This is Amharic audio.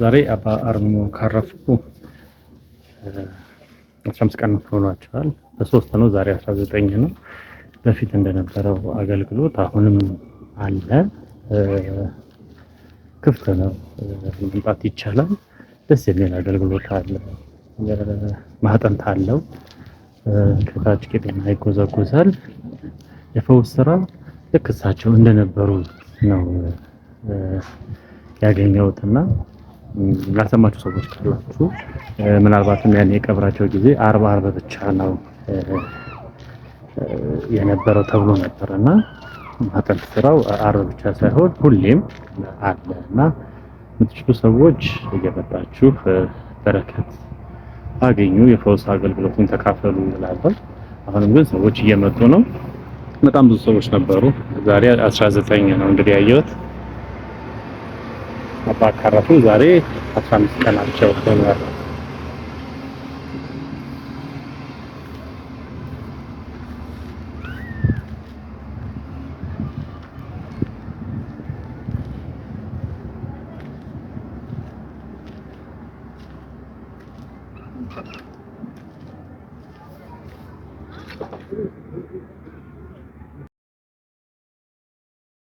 ዛሬ አባ አርኖ ካረፉ አስራ ቀን ሆኗቸዋል። በሶስት ነው ዛሬ 19 ነው። በፊት እንደነበረው አገልግሎት አሁንም አለ፣ ክፍት ነው፣ መምጣት ይቻላል። ደስ የሚል አገልግሎት አለ። ማህጠንት አለው ከታች ቄጤና ይጎዘጎዛል። የፈውስ ስራ ልክ እሳቸው እንደነበሩ ነው ያገኘውትና ያሰማችሁ ሰዎች ካላችሁ ምናልባትም ያን የቀብራቸው ጊዜ አርባ አርባ ብቻ ነው የነበረው ተብሎ ነበር እና ማጠን ስራው አርብ ብቻ ሳይሆን ሁሌም አለ እና የምትችሉ ሰዎች እየመጣችሁ በረከት አገኙ፣ የፈውስ አገልግሎቱን ተካፈሉ እላለሁ። አሁንም ግን ሰዎች እየመጡ ነው። በጣም ብዙ ሰዎች ነበሩ። ዛሬ 19 ነው እንግዲህ ያየሁት። apa karena pun dari asam sekian aja oke